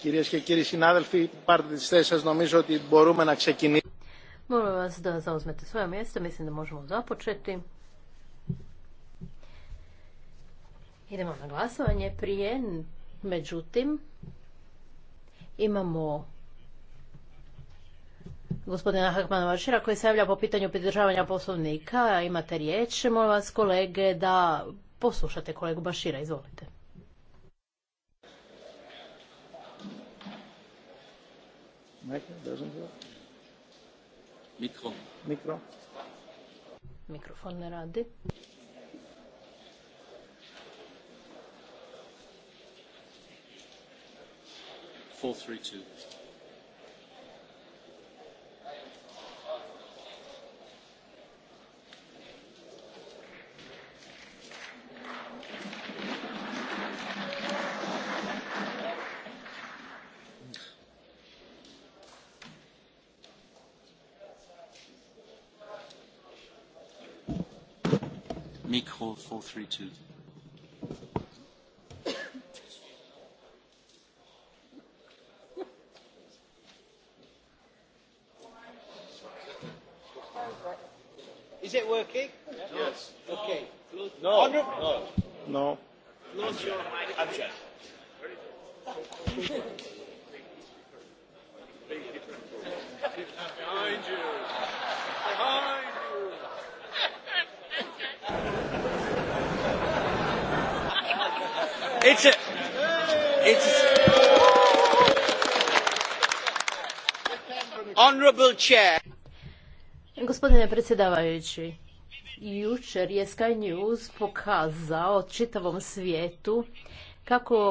Κυρίες και κύριοι συνάδελφοι, πάρτε τις θέσεις σας. Νομίζω ότι Molim vas da zauzmete svoja mjesto, mislim da možemo započeti. Idemo na glasovanje prije, međutim, imamo gospodina Hakmana Vašira koji se javlja po pitanju pridržavanja poslovnika. Imate riječ, molim vas kolege da poslušate kolegu Bašira, izvolite. Mikro. Mikro. Mikrofon ne radi. Four, three, two. Micro 432. Is it working? Okay. No. Gospodine predsjedavajući, jučer je Sky News pokazao čitavom svijetu kako